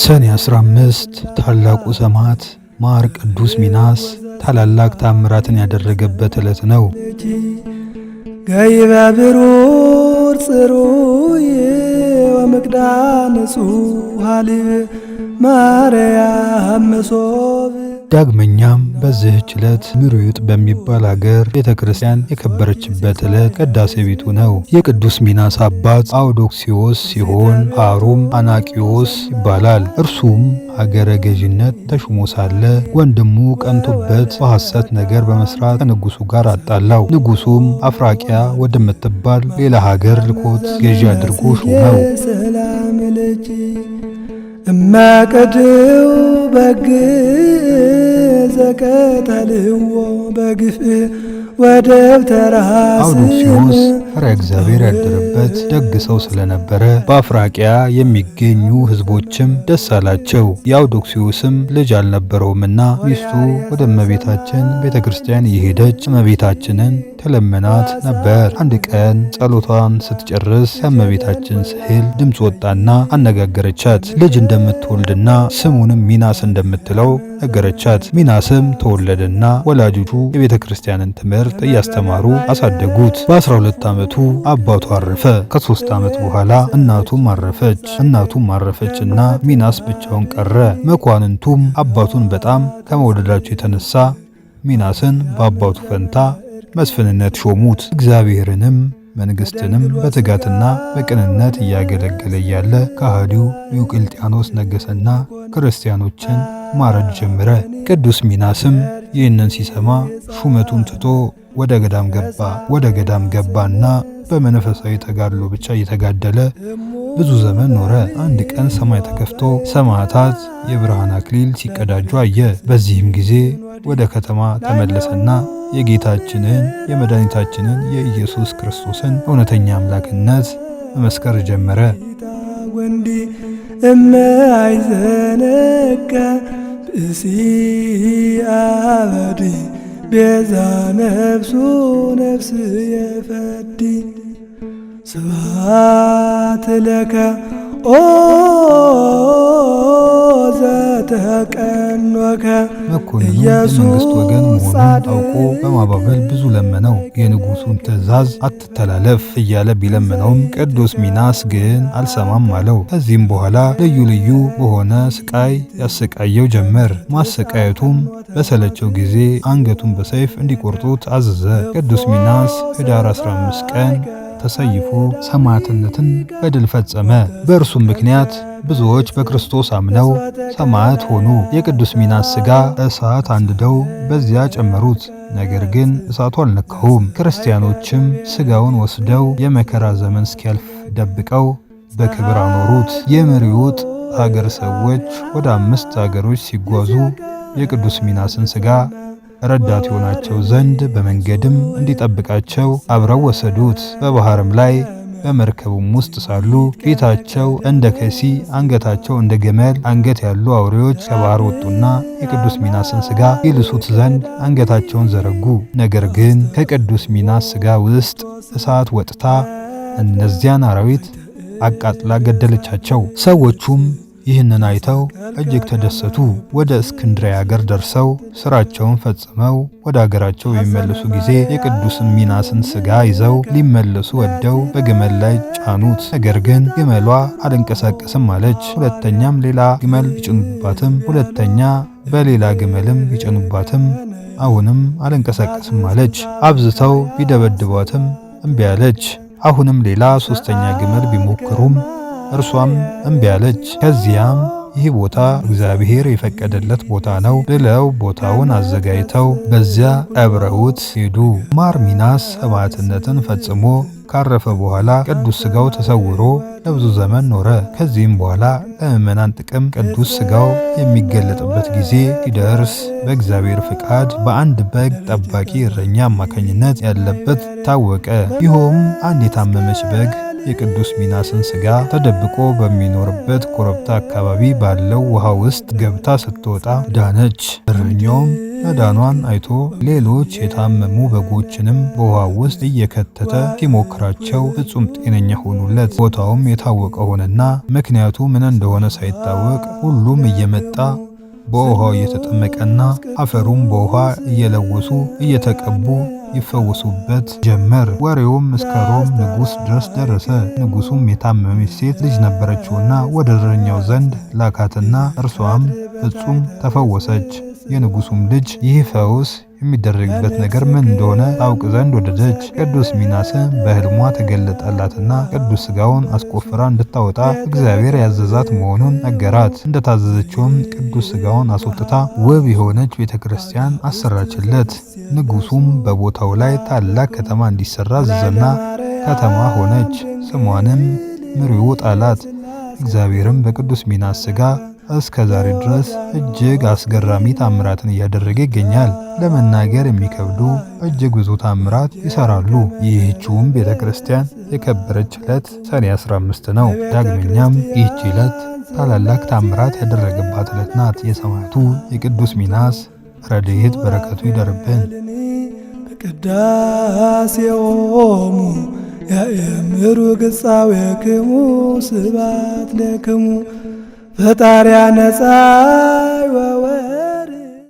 ሰኔ 15 ታላቁ ሰማዕት ማር ቅዱስ ሚናስ ታላላቅ ታምራትን ያደረገበት ዕለት ነው። ገይበ ብሩር ጽሩይ ወምቅዳ ንጹሕ ሀሊብ ማርያም መሶብ ዳግመኛም በዚህች ዕለት ምርዩጥ በሚባል አገር ቤተ ክርስቲያን የከበረችበት ዕለት ቅዳሴ ቤቱ ነው። የቅዱስ ሚናስ አባት አውዶክሲዎስ ሲሆን አሩም አናቂዎስ ይባላል። እርሱም ሀገረ ገዥነት ተሹሞ ሳለ ወንድሙ ቀንቶበት በሐሰት ነገር በመስራት ከንጉሱ ጋር አጣላው። ንጉሱም አፍራቂያ ወደምትባል ሌላ ሀገር ልኮት ገዢ አድርጎ ነው። እማቀድው በግ ዘቀጠልዎ በግፍ ወደብ ሲሆስ ፈረ እግዚአብሔር ያደረበት ደግ ሰው ስለነበረ በአፍራቂያ የሚገኙ ህዝቦችም ደስ አላቸው። የአውዶክሲዎስም ልጅ አልነበረውምና ሚስቱ ወደ እመቤታችን ቤተ ክርስቲያን እየሄደች እመቤታችንን ተለመናት ነበር። አንድ ቀን ጸሎቷን ስትጨርስ ከእመቤታችን ስዕል ድምፅ ወጣና አነጋገረቻት። ልጅ እንደምትወልድና ስሙንም ሚናስ እንደምትለው ነገረቻት። ሚናስም ተወለደና ወላጆቹ የቤተ ክርስቲያንን ትምህርት እያስተማሩ አሳደጉት። በ12 ዓመት ዓመቱ አባቱ አረፈ። ከሶስት ዓመት በኋላ እናቱም አረፈች። እናቱም አረፈችና ሚናስ ብቻውን ቀረ። መኳንንቱም አባቱን በጣም ከመወደዳቸው የተነሳ ሚናስን በአባቱ ፈንታ መስፍንነት ሾሙት። እግዚአብሔርንም መንግስትንም በትጋትና በቅንነት እያገለገለ እያለ ከሃዲው ዲዮቅልጥያኖስ ነገሰና ክርስቲያኖችን ማረድ ጀመረ። ቅዱስ ሚናስም ይህንን ሲሰማ ሹመቱን ትቶ ወደ ገዳም ገባ። ወደ ገዳም ገባና በመንፈሳዊ ተጋድሎ ብቻ እየተጋደለ ብዙ ዘመን ኖረ። አንድ ቀን ሰማይ ተከፍቶ ሰማዕታት የብርሃን አክሊል ሲቀዳጁ አየ። በዚህም ጊዜ ወደ ከተማ ተመለሰና የጌታችንን የመድኃኒታችንን የኢየሱስ ክርስቶስን እውነተኛ አምላክነት መመስከር ጀመረ። ወንዲ ብእሲ አበዲ ቤዛ ነፍሱ ነፍስ የፈዲ ስብሐት ለካ ኦ ዘተቀኖከ ኢየሱስ ወገን መሆኑን አውቆ በማባበል ብዙ ለመነው። የንጉሱን ትእዛዝ አትተላለፍ እያለ ቢለመነውም ቅዱስ ሚናስ ግን አልሰማም አለው። ከዚህም በኋላ ልዩ ልዩ በሆነ ስቃይ ያሰቃየው ጀመር። ማሰቃየቱም በሰለቸው ጊዜ አንገቱን በሰይፍ እንዲቆርጡት አዘዘ። ቅዱስ ሚናስ ኅዳር 15 ቀን ተሰይፎ ሰማዕትነትን በድል ፈጸመ። በእርሱም ምክንያት ብዙዎች በክርስቶስ አምነው ሰማዕት ሆኑ። የቅዱስ ሚናስ ሥጋ እሳት አንድደው በዚያ ጨመሩት፣ ነገር ግን እሳቱ አልነካውም። ክርስቲያኖችም ሥጋውን ወስደው የመከራ ዘመን እስኪያልፍ ደብቀው በክብር አኖሩት። የመሪውጥ አገር ሰዎች ወደ አምስት አገሮች ሲጓዙ የቅዱስ ሚናስን ሥጋ ረዳት የሆናቸው ዘንድ በመንገድም እንዲጠብቃቸው አብረው ወሰዱት። በባህርም ላይ በመርከቡም ውስጥ ሳሉ ፊታቸው እንደ ከሲ አንገታቸው እንደ ገመል አንገት ያሉ አውሬዎች ከባህር ወጡና የቅዱስ ሚናስን ስጋ ይልሱት ዘንድ አንገታቸውን ዘረጉ። ነገር ግን ከቅዱስ ሚናስ ስጋ ውስጥ እሳት ወጥታ እነዚያን አራዊት አቃጥላ ገደለቻቸው። ሰዎቹም ይህንን አይተው እጅግ ተደሰቱ። ወደ እስክንድርያ አገር ደርሰው ስራቸውን ፈጽመው ወደ አገራቸው የሚመለሱ ጊዜ የቅዱስ ሚናስን ስጋ ይዘው ሊመለሱ ወደው በግመል ላይ ጫኑት። ነገር ግን ግመሏ አልንቀሳቀስም አለች። ሁለተኛም ሌላ ግመል ይጭኑባትም፣ ሁለተኛ በሌላ ግመልም ይጭኑባትም፣ አሁንም አልንቀሳቀስም አለች። አብዝተው ቢደበድቧትም እምቢ አለች። አሁንም ሌላ ሶስተኛ ግመል ቢሞክሩም እርሷም እምቢ አለች። ከዚያም ይህ ቦታ እግዚአብሔር የፈቀደለት ቦታ ነው ብለው ቦታውን አዘጋጅተው በዚያ አብረውት ሄዱ። ማር ሚናስ ሰማዕትነትን ፈጽሞ ካረፈ በኋላ ቅዱስ ሥጋው ተሰውሮ ለብዙ ዘመን ኖረ። ከዚህም በኋላ ለምእመናን ጥቅም ቅዱስ ሥጋው የሚገለጥበት ጊዜ ሲደርስ በእግዚአብሔር ፍቃድ በአንድ በግ ጠባቂ እረኛ አማካኝነት ያለበት ታወቀ። ይኸውም አንድ የታመመች በግ የቅዱስ ሚናስን ስጋ ተደብቆ በሚኖርበት ኮረብታ አካባቢ ባለው ውሃ ውስጥ ገብታ ስትወጣ ዳነች። እረኛውም መዳኗን አይቶ ሌሎች የታመሙ በጎችንም በውሃ ውስጥ እየከተተ ሲሞክራቸው ፍጹም ጤነኛ ሆኑለት። ቦታውም የታወቀ ሆነና ምክንያቱ ምን እንደሆነ ሳይታወቅ ሁሉም እየመጣ በውሃው እየተጠመቀና አፈሩም በውሃ እየለወሱ እየተቀቡ ይፈወሱበት ጀመር። ወሬውም እስከ ሮም ንጉሥ ድረስ ደረሰ። ንጉሱም የታመመች ሴት ልጅ ነበረችውና ወደ እረኛው ዘንድ ላካትና እርሷም ፍጹም ተፈወሰች። የንጉሱም ልጅ ይህ ፈውስ የሚደረግበት ነገር ምን እንደሆነ ታውቅ ዘንድ ወደደች። ቅዱስ ሚናስም በህልሟ ተገለጠላትና ቅዱስ ስጋውን አስቆፍራ እንድታወጣ እግዚአብሔር ያዘዛት መሆኑን ነገራት። እንደታዘዘችውም ቅዱስ ስጋውን አስወጥታ ውብ የሆነች ቤተ ክርስቲያን አሰራችለት። ንጉሱም በቦታው ላይ ታላቅ ከተማ እንዲሰራ አዘዘና ከተማ ሆነች። ስሟንም ምሪው ጣላት። እግዚአብሔርም በቅዱስ ሚናስ ስጋ እስከ ዛሬ ድረስ እጅግ አስገራሚ ታምራትን እያደረገ ይገኛል። ለመናገር የሚከብዱ እጅግ ብዙ ታምራት ይሰራሉ። ይህችውም ቤተ ክርስቲያን የከበረች ዕለት ሰኔ 15 ነው። ዳግመኛም ይህች ዕለት ታላላቅ ታምራት ያደረገባት ዕለት ናት። የሰማዕቱ የቅዱስ ሚናስ ረድኤት በረከቱ ይደርብን። ቅዳሴዎሙ ያእምሩ ገጻዌክሙ ስባት ለክሙ ፈጣሪያ ነፃ